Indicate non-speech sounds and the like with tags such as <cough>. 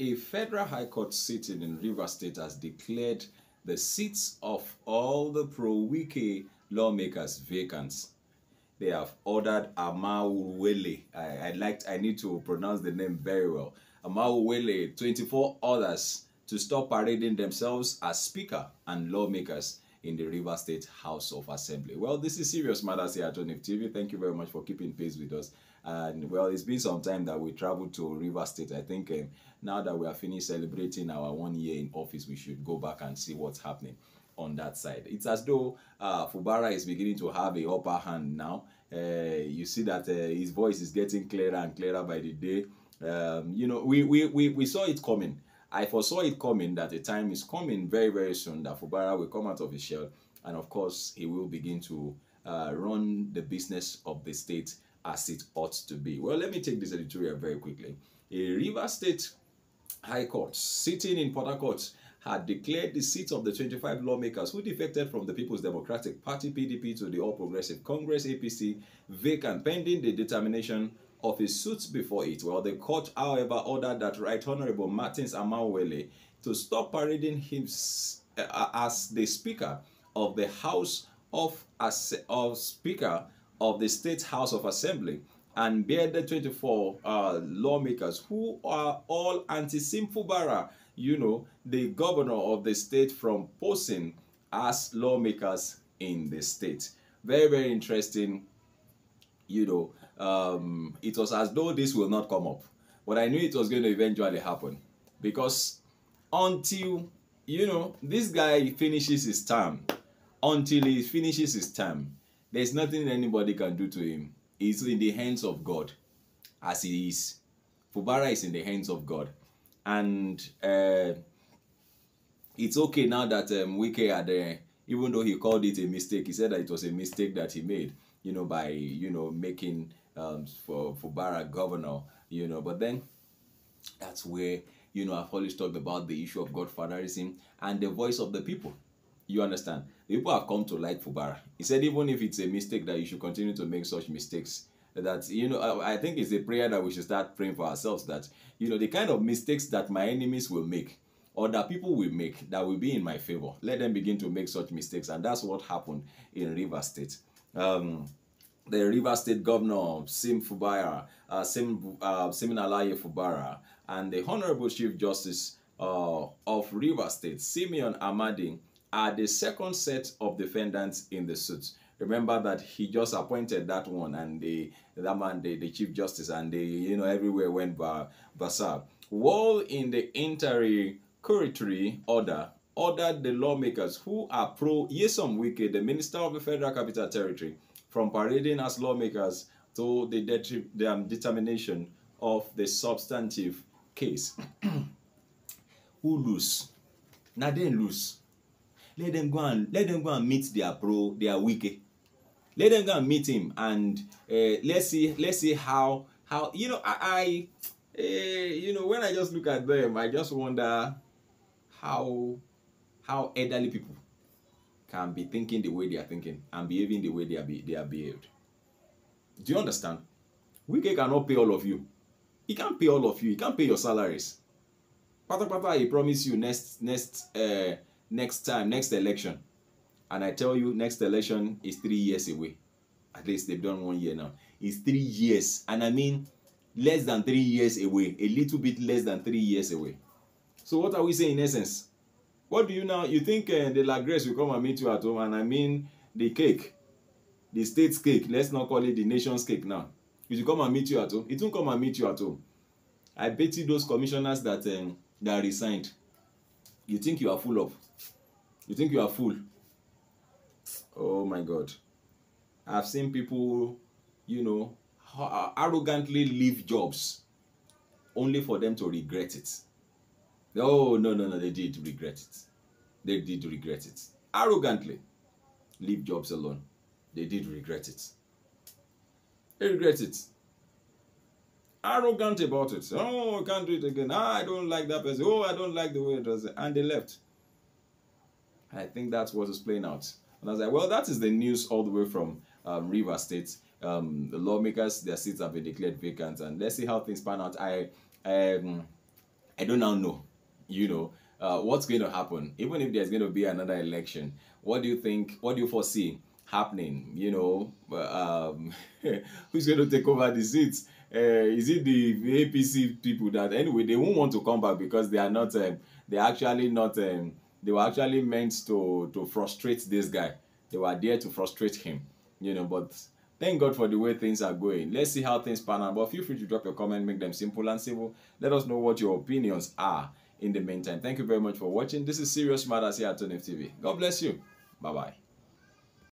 a federal high court sitting in Rivers State has declared the seats of all the pro-Wike lawmakers vacant. They have ordered Amawuwele. I, I liked. I need to pronounce the name very well. Amawuwele, 24 others to stop parading themselves as speaker and lawmakers in the River State House of Assembly. Well, this is Serious Matters here at TV. Thank you very much for keeping pace with us. And well, it's been some time that we traveled to River State. I think um, now that we are finished celebrating our one year in office, we should go back and see what's happening on that side. It's as though uh, Fubara is beginning to have a upper hand now. Uh, you see that uh, his voice is getting clearer and clearer by the day. Um, you know, we, we, we, we saw it coming I foresaw it coming that the time is coming very, very soon that Fubara will come out of his shell and, of course, he will begin to uh, run the business of the state as it ought to be. Well, let me take this editorial very quickly. A River State High Court sitting in Port Harcourt had declared the seats of the 25 lawmakers who defected from the People's Democratic Party PDP to the All Progressive Congress APC vacant pending the determination of his suits before it. Well, the court, however, ordered that Right Honorable Martins Amawele to stop parading him uh, uh, as the Speaker of the House of, As of Speaker of the State House of Assembly and bear the 24 uh, lawmakers who are all anti-Simfubara, you know, the governor of the state from posing as lawmakers in the state. Very, very interesting, you know, um, it was as though this will not come up. But I knew it was going to eventually happen because until you know this guy finishes his term, until he finishes his term, there's nothing anybody can do to him. He's in the hands of God, as he is. Fubara is in the hands of God, and uh, it's okay now that um, Wike had, uh, even though he called it a mistake, he said that it was a mistake that he made you know, by, you know, making um, for for governor, you know. But then that's where you know I've always talked about the issue of godfatherism and the voice of the people. You understand? The people have come to like Fubara. He said, even if it's a mistake, that you should continue to make such mistakes. That you know, I, I think it's a prayer that we should start praying for ourselves. That you know, the kind of mistakes that my enemies will make, or that people will make, that will be in my favor. Let them begin to make such mistakes, and that's what happened in River State. Um, the River State Governor Sim Fubara, uh, Sim uh, Simin Alaye Fubara, and the Honorable Chief Justice uh, of River State Simeon Amadi are the second set of defendants in the suit. Remember that he just appointed that one and the that man, the, the Chief Justice, and they you know everywhere went by basa. While in the intercurricular order ordered the lawmakers who are pro Yesom Wike, the Minister of the Federal Capital Territory, from parading as lawmakers to the det- um, determination of the substantive case. <clears throat> Who lose? Na they lose. Let them go and let them go and meet their pro, their wike. Let them go and meet him and uh, let's see let's see how how you know I, I uh, you know when I just look at them I just wonder how how elderly people can be thinking the way they are thinking and behaving the way they are, be, they are behaved. Do you understand? Wike cannot pay all of you. He can't pay all of you. He can't pay your salaries. Pata pata, he promise you next next uh, next time, next election. And I tell you, next election is three years away. At least they've done one year now. It's three years. And I mean less than three years away. A little bit less than three years away. So what are we saying in essence? What do you now? You think uh, eh, the Lagres will come and meet you at home, and I mean the cake, the state's cake. Let's not call it the nation's cake now. It will come and meet you at home. It won't come and meet you at home. I bet you those commissioners that um, that resigned. You think you are full of? You think you are full? Oh my God! I've seen people, you know, arrogantly leave jobs only for them to regret it. Oh, no, no, no, they did regret it. They did regret it. Arrogantly, leave jobs alone. They did regret it. They regret it. Arrogant about it. Oh, I can't do it again. Ah, I don't like that person. Oh, I don't like the way it does it. And they left. I think that's what is playing out. And I was like, well, that is the news all the way from um, River State. Um, the lawmakers, their seats have been declared vacant, and let's see how things pan out. I, um, I don't now know you know, uh, what's going to happen? Even if there's going to be another election, what do you think? What do you foresee happening? You know, uh, um, <laughs> who's going to take over the seats? Uh, is it the APC people that anyway they won't want to come back because they are not um, they're actually not um, they were actually meant to to frustrate this guy. They were there to frustrate him, you know. But thank God for the way things are going. Let's see how things pan out. But feel free to drop your comment, make them simple and simple. Let us know what your opinions are in the meantime. Thank you very much for watching. This is Serious Matters here at Tone TV. God bless you. Bye bye.